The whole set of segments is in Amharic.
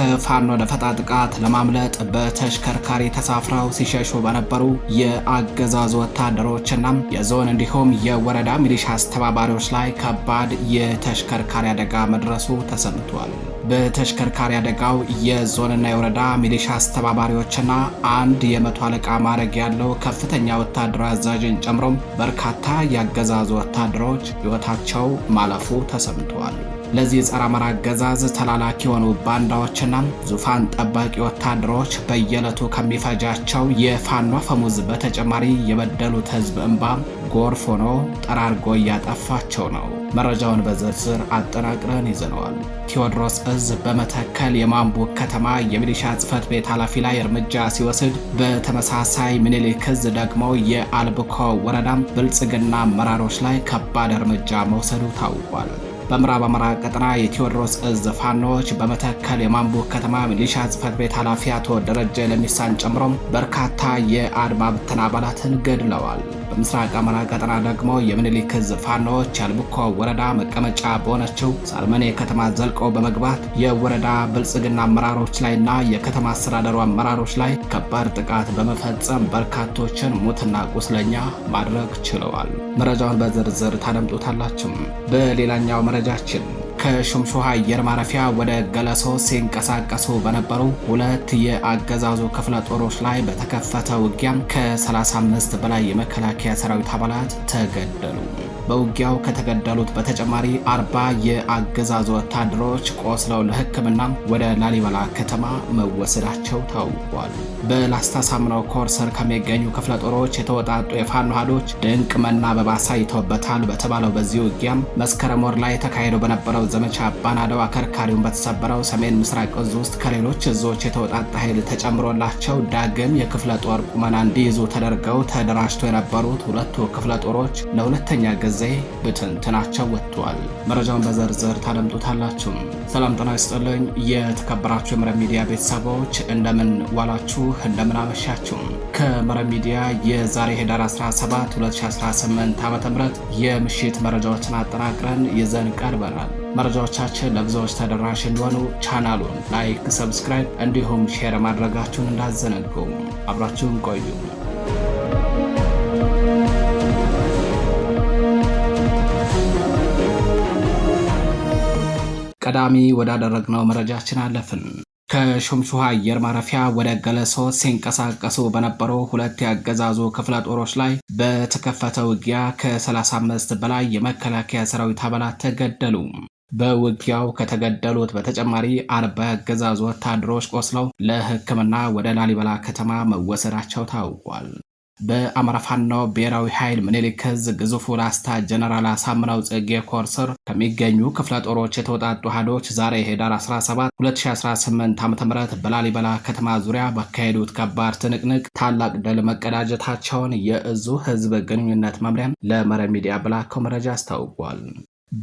ከፋኖ ደፈጣ ጥቃት ለማምለጥ በተሽከርካሪ ተሳፍረው ሲሸሹ በነበሩ የአገዛዙ ወታደሮችና የዞን እንዲሁም የወረዳ ሚሊሻ አስተባባሪዎች ላይ ከባድ የተሽከርካሪ አደጋ መድረሱ ተሰምቷል። በተሽከርካሪ አደጋው የዞንና የወረዳ ሚሊሻ አስተባባሪዎችና አንድ የመቶ አለቃ ማዕረግ ያለው ከፍተኛ ወታደራዊ አዛዥን ጨምሮም በርካታ የአገዛዙ ወታደሮች ሕይወታቸው ማለፉ ተሰምተዋል። ለዚህ የጸረ አማራ አገዛዝ ተላላኪ የሆኑ ባንዳዎችና ዙፋን ጠባቂ ወታደሮች በየዕለቱ ከሚፈጃቸው የፋኖ ፈሙዝ በተጨማሪ የበደሉት ህዝብ እንባ ጎርፍ ሆኖ ጠራርጎ እያጠፋቸው ነው። መረጃውን በዝርዝር አጠናቅረን ይዘነዋል። ቴዎድሮስ እዝ በመተከል የማንቡ ከተማ የሚሊሻ ጽህፈት ቤት ኃላፊ ላይ እርምጃ ሲወስድ፣ በተመሳሳይ ምኒልክ እዝ ደግሞ የአልብኮ ወረዳም ብልጽግና አመራሮች ላይ ከባድ እርምጃ መውሰዱ ታውቋል። በምዕራብ አማራ ቀጠና የቴዎድሮስ እዝ በመተከል የማንቡ ከተማ ሚሊሻ ጽሕፈት ቤት ኃላፊ አቶ ደረጀ ለሚሳን ጨምሮም በርካታ የአድማ ብተና አባላትን ገድለዋል። በምስራቅ አማራ ቀጠና ደግሞ የምኒልክ ዕዝ ፋኖዎች አልብኮ ወረዳ መቀመጫ በሆነችው ሳልመኔ ከተማ ዘልቀው በመግባት የወረዳ ብልጽግና አመራሮች ላይና የከተማ አስተዳደሩ አመራሮች ላይ ከባድ ጥቃት በመፈጸም በርካቶችን ሙትና ቁስለኛ ማድረግ ችለዋል። መረጃውን በዝርዝር ታደምጡታላችሁ። በሌላኛው መረጃችን ከሹምሹሃ አየር ማረፊያ ወደ ገለሶ ሲንቀሳቀሱ በነበሩ ሁለት የአገዛዙ ክፍለ ጦሮች ላይ በተከፈተ ውጊያም ከ35 በላይ የመከላከያ ሰራዊት አባላት ተገደሉ። በውጊያው ከተገደሉት በተጨማሪ አርባ የአገዛዙ ወታደሮች ቆስለው ለሕክምና ወደ ላሊበላ ከተማ መወሰዳቸው ታውቋል። በላስታ ሳምናው ኮርሰር ከሚገኙ ክፍለ ጦሮች የተወጣጡ የፋኖ ሀዶች ድንቅ መናበብ አሳይተውበታል በተባለው በዚህ ውጊያም መስከረም ወር ላይ ተካሂዶ በነበረው ዘመቻ ባናደው አከርካሪውን በተሰበረው ሰሜን ምስራቅ እዝ ውስጥ ከሌሎች እዞች የተወጣጣ ኃይል ተጨምሮላቸው ዳግም የክፍለ ጦር ቁመና እንዲይዙ ተደርገው ተደራጅተው የነበሩት ሁለቱ ክፍለ ጦሮች ለሁለተኛ ጊዜ ብትንትናቸው ወጥቷል። መረጃውን በዝርዝር ታደምጡታላችሁ። ሰላም ጤና ይስጥልኝ። የተከበራችሁ የመረብ ሚዲያ ቤተሰቦች እንደምን ዋላችሁ? እንደምናመሻችሁ ከመረብ ሚዲያ የዛሬ ህዳር 17 2018 ዓ ም የምሽት መረጃዎችን አጠናቅረን ይዘን ቀርበናል። መረጃዎቻችን ለብዙዎች ተደራሽ እንዲሆኑ ቻናሉን ላይክ፣ ሰብስክራይብ እንዲሁም ሼር ማድረጋችሁን እንዳዘነጉ አብራችሁን ቆዩ። ቀዳሚ ወዳደረግነው መረጃችን አለፍን። ከሾምሹሃ አየር ማረፊያ ወደ ገለሶ ሲንቀሳቀሱ በነበሩ ሁለት የአገዛዙ ክፍለ ጦሮች ላይ በተከፈተ ውጊያ ከ35 በላይ የመከላከያ ሰራዊት አባላት ተገደሉ። በውጊያው ከተገደሉት በተጨማሪ አርባ የአገዛዙ ወታደሮች ቆስለው ለሕክምና ወደ ላሊበላ ከተማ መወሰዳቸው ታውቋል። በአማራ ፋኖ ብሔራዊ ኃይል ምኒልክ ግዙፉ ላስታ ጀነራል አሳምነው ጽጌ ኮርስር ከሚገኙ ክፍለ ጦሮች የተውጣጡ ሀዶች ዛሬ ኅዳር 17 2018 ዓ ም በላሊበላ ከተማ ዙሪያ ባካሄዱት ከባድ ትንቅንቅ ታላቅ ድል መቀዳጀታቸውን የእዙ ህዝብ ግንኙነት መምሪያም ለመረ ሚዲያ ብላከው መረጃ አስታውቋል።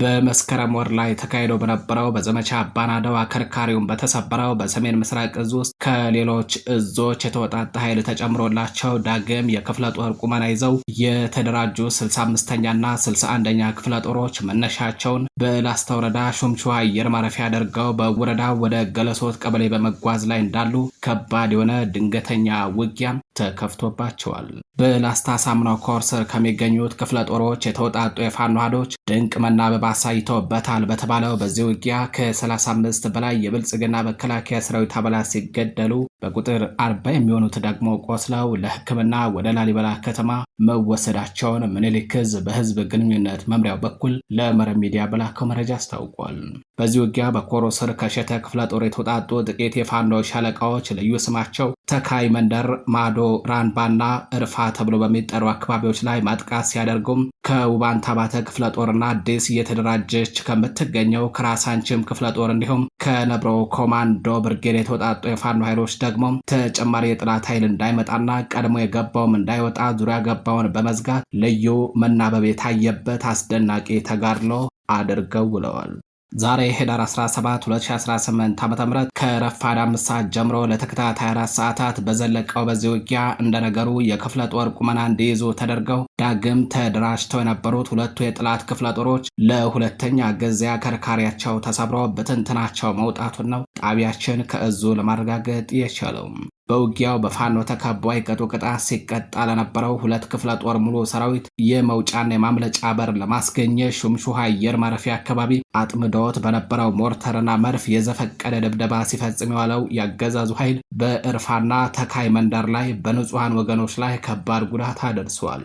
በመስከረም ወር ላይ ተካሂዶ በነበረው በዘመቻ አባናደው አከርካሪውን በተሰበረው በሰሜን ምስራቅ እዝ ውስጥ ከሌሎች እዞች የተወጣጠ ኃይል ተጨምሮላቸው ዳግም የክፍለ ጦር ቁመና ይዘው የተደራጁ 65ኛና 61ኛ ክፍለ ጦሮች መነሻቸውን በላስታ ወረዳ ሹምቹ አየር ማረፊያ አድርገው በወረዳው ወደ ገለሶት ቀበሌ በመጓዝ ላይ እንዳሉ ከባድ የሆነ ድንገተኛ ውጊያም ተከፍቶባቸዋል። በላስታ ሳምናው ኮርሰር ከሚገኙት ክፍለ ጦሮች የተውጣጡ የፋኖ ኃይሎች ድንቅ መናበብ አሳይተውበታል በተባለው በዚህ ውጊያ ከ35 በላይ የብልጽግና መከላከያ ሰራዊት አባላት ሲገደሉ በቁጥር 40 የሚሆኑት ደግሞ ቆስለው ለሕክምና ወደ ላሊበላ ከተማ መወሰዳቸውን ምኒልክ በህዝብ ግንኙነት መምሪያው በኩል ለመረብ ሚዲያ በላከው መረጃ አስታውቋል። በዚህ ውጊያ በኮሮ ስር ከሸተ ክፍለ ጦር የተውጣጡ ጥቂት የፋኖ ሻለቃዎች ልዩ ስማቸው ተካይ መንደር፣ ማዶ ራንባና እርፋ ተብሎ በሚጠሩ አካባቢዎች ላይ ማጥቃት ሲያደርጉም ከውባንታ ባተ ክፍለ ጦርና አዲስ እየተደራጀች ከምትገኘው ከራሳንችም ክፍለ ጦር እንዲሁም ከነብሮ ኮማንዶ ብርጌድ የተወጣጡ የፋኖ ኃይሎች ደግሞ ተጨማሪ የጥላት ኃይል እንዳይመጣና ቀድሞ የገባውም እንዳይወጣ ዙሪያ ገባውን በመዝጋት ልዩ መናበብ የታየበት አስደናቂ ተጋድሎ አድርገው ውለዋል። ዛሬ ሄዳር 17 2018 ዓ ም ከረፋድ አምስት ሰዓት ጀምሮ ለተከታታይ አራት ሰዓታት በዘለቀው በዚህ ውጊያ እንደነገሩ የክፍለ ጦር ቁመና እንዲይዙ ተደርገው ዳግም ተደራጅተው የነበሩት ሁለቱ የጠላት ክፍለ ጦሮች ለሁለተኛ ገዚያ ከርካሪያቸው ተሰብሮ ብትንትናቸው መውጣቱን ነው ጣቢያችን ከእዙ ለማረጋገጥ የቻለው። በውጊያው በፋኖ ተከቦ አይቀጡ ቅጣት ሲቀጣ ለነበረው ሁለት ክፍለ ጦር ሙሉ ሰራዊት የመውጫና የማምለጫ በር ለማስገኘት ሹምሹሃ አየር ማረፊያ አካባቢ አጥምዶት በነበረው ሞርተርና መርፍ የዘፈቀደ ድብደባ ሲፈጽም የዋለው ያገዛዙ ኃይል በእርፋና ተካይ መንደር ላይ በንጹሐን ወገኖች ላይ ከባድ ጉዳት አደርሷል።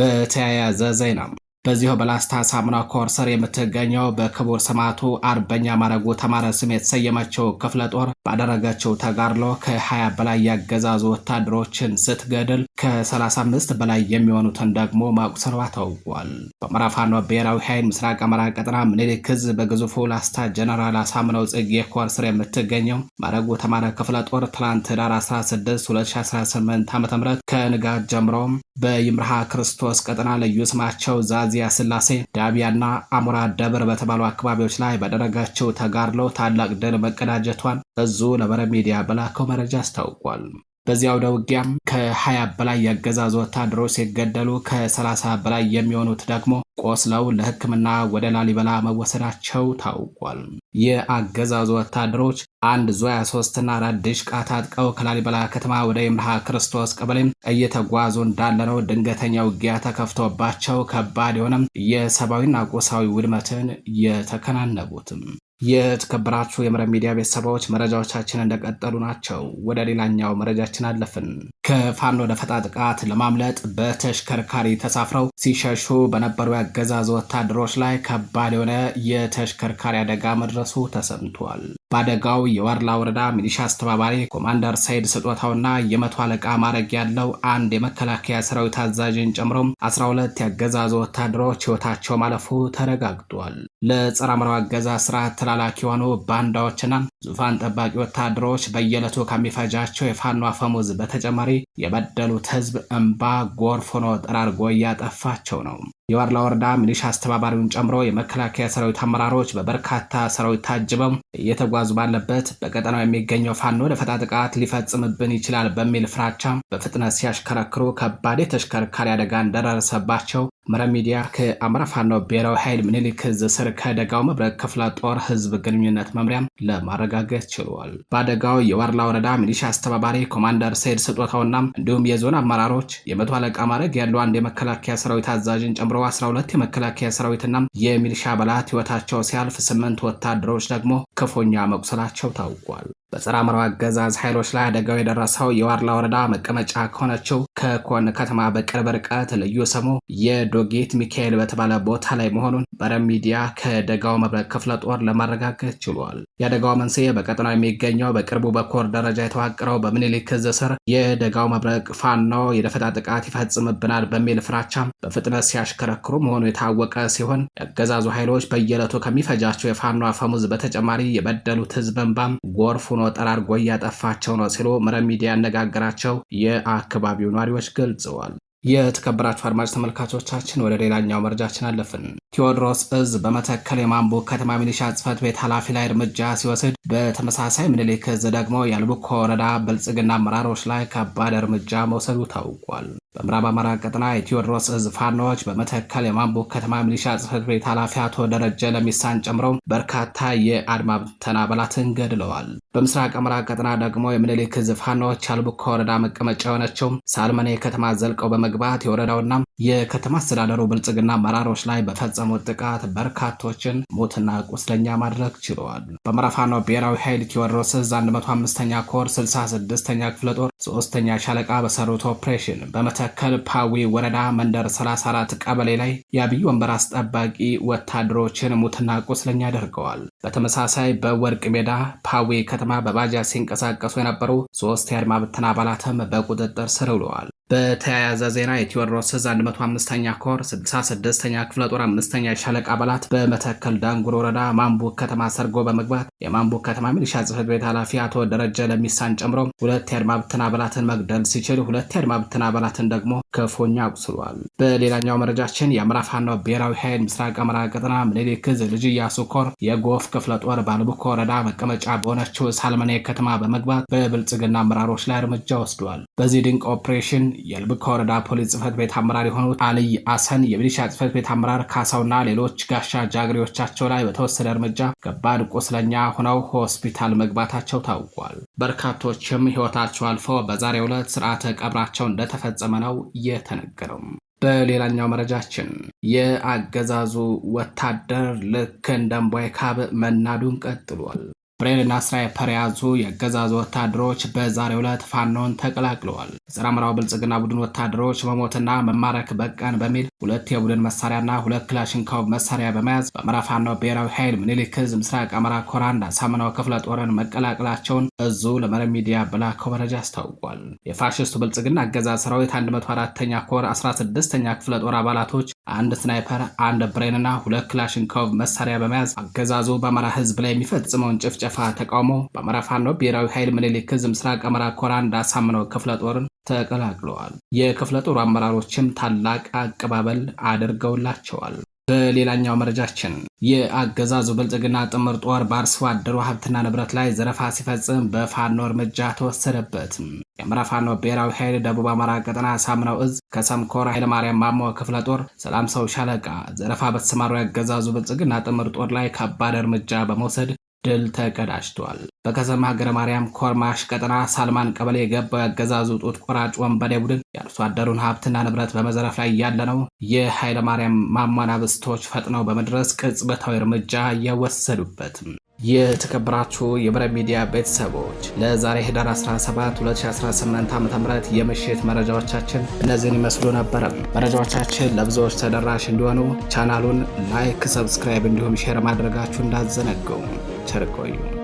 በተያያዘ ዜና በዚሁ በላስታ ሳሙና ኮር ስር የምትገኘው በክቡር ሰማዕቱ አርበኛ ማረጉ ተማረ ስም የተሰየመችው ክፍለ ጦር ባደረገችው ተጋድሎ ከ20 በላይ ያገዛዙ ወታደሮችን ስትገድል ከ35 በላይ የሚሆኑትን ደግሞ ማቁሰሏ ታውቋል። በአማራ ፋኖ ብሔራዊ ኃይል ምስራቅ አማራ ቀጠና ምኒልክ ዕዝ በግዙፉ ላስታ ጀነራል አሳምነው ጽጌ ኮር ስር የምትገኘው ማረጉ ተማረ ክፍለ ጦር ትላንት ህዳር 16 2018 ዓ ም ከንጋት ጀምሮም በይምርሃ ክርስቶስ ቀጠና ልዩ ስማቸው ዛዚያ ስላሴ፣ ዳቢያና አሙራ ደብር በተባሉ አካባቢዎች ላይ በደረጋቸው ተጋድለው ታላቅ ድል መቀዳጀቷን እዙ ለበረ ሚዲያ በላከው መረጃ አስታውቋል። በዚህ አውደ ውጊያም ከ20 በላይ ያገዛዙ ወታደሮች ሲገደሉ ከ30 በላይ የሚሆኑት ደግሞ ቆስለው ለሕክምና ወደ ላሊበላ መወሰዳቸው ታውቋል። የአገዛዙ ወታደሮች አንድ ዙ 23ና አራት ድሽቃ ታጥቀው ከላሊበላ ከተማ ወደ የምርሃ ክርስቶስ ቀበሌ እየተጓዙ እንዳለ ነው ድንገተኛ ውጊያ ተከፍቶባቸው ከባድ የሆነም የሰብአዊና ቁሳዊ ውድመትን የተከናነቡትም የተከበራችሁ የመረብ ሚዲያ ቤተሰቦች መረጃዎቻችን እንደቀጠሉ ናቸው። ወደ ሌላኛው መረጃችን አለፍን። ከፋኖ ደፈጣ ጥቃት ለማምለጥ በተሽከርካሪ ተሳፍረው ሲሸሹ በነበሩ የአገዛዙ ወታደሮች ላይ ከባድ የሆነ የተሽከርካሪ አደጋ መድረሱ ተሰምቷል። በአደጋው የዋርላ ወረዳ ሚሊሻ አስተባባሪ ኮማንደር ሰይድ ስጦታውና የመቶ አለቃ ማዕረግ ያለው አንድ የመከላከያ ሰራዊት አዛዥን ጨምሮም 12 የአገዛዙ ወታደሮች ህይወታቸው ማለፉ ተረጋግጧል። ለጸረ አማራ አገዛዝ ስርዓት ተላላኪ የሆኑ ባንዳዎችና ዙፋን ጠባቂ ወታደሮች በየዕለቱ ከሚፈጃቸው የፋኖ አፈሙዝ በተጨማሪ የበደሉት ህዝብ እምባ ጎርፍ ሆኖ ጠራርጎ እያጠፋቸው ነው። የዋርላ ወረዳ ሚሊሻ አስተባባሪውን ጨምሮ የመከላከያ ሰራዊት አመራሮች በበርካታ ሰራዊት ታጅበው እየተጓዙ ባለበት በቀጠናው የሚገኘው ፋኖ ደፈጣ ጥቃት ሊፈጽምብን ይችላል በሚል ፍራቻ በፍጥነት ሲያሽከረክሩ ከባድ የተሽከርካሪ አደጋ እንደደረሰባቸው አማራ ሚዲያ ከአማራ ፋኖ ብሔራዊ ኃይል ምኒልክ እዝ ስር ከደጋው መብረቅ ክፍለ ጦር ህዝብ ግንኙነት መምሪያም ለማረጋገጥ ችሏል። በአደጋው የዋርላ ወረዳ ሚሊሻ አስተባባሪ ኮማንደር ሰይድ ስጦታውና እንዲሁም የዞን አመራሮች የመቶ አለቃ ማዕረግ ያለው አንድ የመከላከያ ሰራዊት አዛዥን ጨምሮ 12 የመከላከያ ሰራዊትና የሚሊሻ አባላት ህይወታቸው ሲያልፍ ስምንት ወታደሮች ደግሞ ክፉኛ መቁሰላቸው ታውቋል። በጸረ አማራ አገዛዝ ኃይሎች ላይ አደጋው የደረሰው የዋርላ ወረዳ መቀመጫ ከሆነችው ከኮን ከተማ በቅርብ ርቀት ልዩ ስሙ የዶጌት ሚካኤል በተባለ ቦታ ላይ መሆኑን በረም ሚዲያ ከደጋው መብረቅ ክፍለ ጦር ለማረጋገጥ ችሏል። የአደጋው መንስኤ በቀጠናው የሚገኘው በቅርቡ በኮር ደረጃ የተዋቀረው በምኒልክ ዕዝ ስር የደጋው መብረቅ ፋኖ የደፈጣ ጥቃት ይፈጽምብናል በሚል ፍራቻም በፍጥነት ሲያሽከረክሩ መሆኑ የታወቀ ሲሆን የአገዛዙ ኃይሎች በየዕለቱ ከሚፈጃቸው የፋኖ አፈሙዝ በተጨማሪ የበደሉት ህዝብ እንባም ጎርፍ ሆኖ ጠራርጎ እያጠፋቸው ነው ሲሉ ምረብ ሚዲያ ያነጋገራቸው የአካባቢው ነዋሪዎች ገልጸዋል። የተከበራችሁ አድማጭ ተመልካቾቻችን ወደ ሌላኛው መረጃችን አለፍን። ቴዎድሮስ እዝ በመተከል የማንቦ ከተማ ሚሊሻ ጽፈት ቤት ኃላፊ ላይ እርምጃ ሲወስድ፣ በተመሳሳይ ምኒልክ እዝ ደግሞ የአልቡኮ ወረዳ ብልጽግና አመራሮች ላይ ከባድ እርምጃ መውሰዱ ታውቋል። በምዕራብ አማራ ቀጠና የቴዎድሮስ እዝ ፋኖዎች በመተከል የማንቦ ከተማ ሚሊሻ ጽህፈት ቤት ኃላፊ አቶ ደረጀ ለሚሳን ጨምሮ በርካታ የአድማ ብተና አባላትን ገድለዋል። በምስራቅ አማራ ቀጠና ደግሞ የምኒልክ እዝ ፋኖዎች አልቡኮ ወረዳ መቀመጫ የሆነችው ሳልመኔ ከተማ ዘልቀው በመግባት የወረዳውና የከተማ አስተዳደሩ ብልጽግና አመራሮች ላይ በፈጸሙት ጥቃት በርካቶችን ሞትና ቁስለኛ ማድረግ ችለዋል። በአማራ ፋኖ ብሔራዊ ኃይል ቴዎድሮስ እዝ 15ኛ ኮር 66ኛ ክፍለ ጦር 3ኛ ሻለቃ በሰሩት ኦፕሬሽን በመተ መተከል ፓዌ ወረዳ መንደር 34 ቀበሌ ላይ የአብይ ወንበር አስጠባቂ ወታደሮችን ሙትና ቁስለኛ አድርገዋል። በተመሳሳይ በወርቅ ሜዳ ፓዌ ከተማ በባጃጅ ሲንቀሳቀሱ የነበሩ ሶስት የአድማ ብተና አባላትም በቁጥጥር ስር ውለዋል። በተያያዘ ዜና የቴዎድሮስ ዝ 105ኛ ኮር 66ኛ ክፍለ ጦር አምስተኛ የሻለቃ አባላት በመተከል ዳንጉር ወረዳ ማንቡ ከተማ ሰርጎ በመግባት የማንቡ ከተማ ሚሊሻ ጽህፈት ቤት ኃላፊ አቶ ደረጀ ለሚሳን ጨምሮ ሁለት የአድማ ብተና አባላትን መግደል ሲችል ሁለት የአድማ ብተና አባላትን ደግሞ ክፉኛ አቁስሏል። በሌላኛው መረጃችን የአማራ ፋኖ ብሔራዊ ኃይል ምስራቅ አማራ ቀጠና ምኒልክ ልጅ ኢያሱ ኮር የጎፍ ክፍለ ጦር በአልቡኮ ወረዳ መቀመጫ በሆነችው ሳልመኔ ከተማ በመግባት በብልጽግና አመራሮች ላይ እርምጃ ወስደዋል። በዚህ ድንቅ ኦፕሬሽን የልብኮ ወረዳ ፖሊስ ጽህፈት ቤት አመራር የሆኑት አልይ አሰን፣ የሚሊሻ ጽህፈት ቤት አመራር ካሳውና ሌሎች ጋሻ ጃግሬዎቻቸው ላይ በተወሰደ እርምጃ ከባድ ቁስለኛ ሆነው ሆስፒታል መግባታቸው ታውቋል። በርካቶችም ህይወታቸው አልፎ በዛሬው ዕለት ስርዓተ ቀብራቸው እንደተፈጸመ ነው የተነገረው። በሌላኛው መረጃችን የአገዛዙ ወታደር ልክ እንደ እምቧይ ካብ መናዱን ቀጥሏል። ብሬንና ስራይፐር የያዙ የአገዛዙ ወታደሮች በዛሬው ዕለት ፋኖን ተቀላቅለዋል። የጸረ አማራው ብልጽግና ቡድን ወታደሮች መሞትና መማረክ በቀን በሚል ሁለት የቡድን መሳሪያና ሁለት ክላሽንኮቭ መሳሪያ በመያዝ በአማራ ፋኖ ብሔራዊ ኃይል ምኒልክ ምስራቅ አማራ ኮር አንድ አሳምነው ክፍለ ጦርን መቀላቀላቸውን እዙ ለመረ ሚዲያ በላከው መረጃ አስታውቋል። የፋሽስቱ ብልጽግና አገዛዝ ሰራዊት 104ኛ ኮር 16ኛ ክፍለ ጦር አባላቶች አንድ ስናይፐር፣ አንድ ብሬንና ሁለት ክላሽንኮቭ መሳሪያ በመያዝ አገዛዙ በአማራ ህዝብ ላይ የሚፈጽመውን ጭፍጨፍ የአለፋ ተቃውሞ በአማራ ፋኖ ብሔራዊ ኃይል ምኒልክ ዕዝ ምስራቅ አማራ ኮር አንድ አሳምነው ክፍለ ጦርን ተቀላቅለዋል። የክፍለ ጦሩ አመራሮችም ታላቅ አቀባበል አድርገውላቸዋል። በሌላኛው መረጃችን የአገዛዙ ብልጽግና ጥምር ጦር በአርሶ አደሩ ሀብትና ንብረት ላይ ዘረፋ ሲፈጽም በፋኖ እርምጃ ተወሰደበት። የአማራ ፋኖ ብሔራዊ ኃይል ደቡብ አማራ ቀጠና ሳምነው እዝ ከሰምኮር ኃይለማርያም ማሞ ክፍለ ጦር ሰላም ሰው ሻለቃ ዘረፋ በተሰማሩ የአገዛዙ ብልጽግና ጥምር ጦር ላይ ከባድ እርምጃ በመውሰድ ድል ተቀዳጅቷል። በከሰም ሀገረ ማርያም ኮርማሽ ቀጠና ሳልማን ቀበሌ የገባው ያገዛዙ ጡት ቆራጭ ወንበዴ ቡድን የአርሶ አደሩን ሀብትና ንብረት በመዘረፍ ላይ ያለ ነው። የኃይለ ማርያም ማሟናብስቶች ፈጥነው በመድረስ ቅጽበታዊ እርምጃ እየወሰዱበትም። የተከበራችሁ የብረ ሚዲያ ቤተሰቦች ለዛሬ ህዳር 17 2018 ዓ.ም የምሽት መረጃዎቻችን እነዚህን ይመስሉ ነበረ። መረጃዎቻችን ለብዙዎች ተደራሽ እንዲሆኑ ቻናሉን ላይክ፣ ሰብስክራይብ እንዲሁም ሼር ማድረጋችሁ እንዳዘነገው छरकोई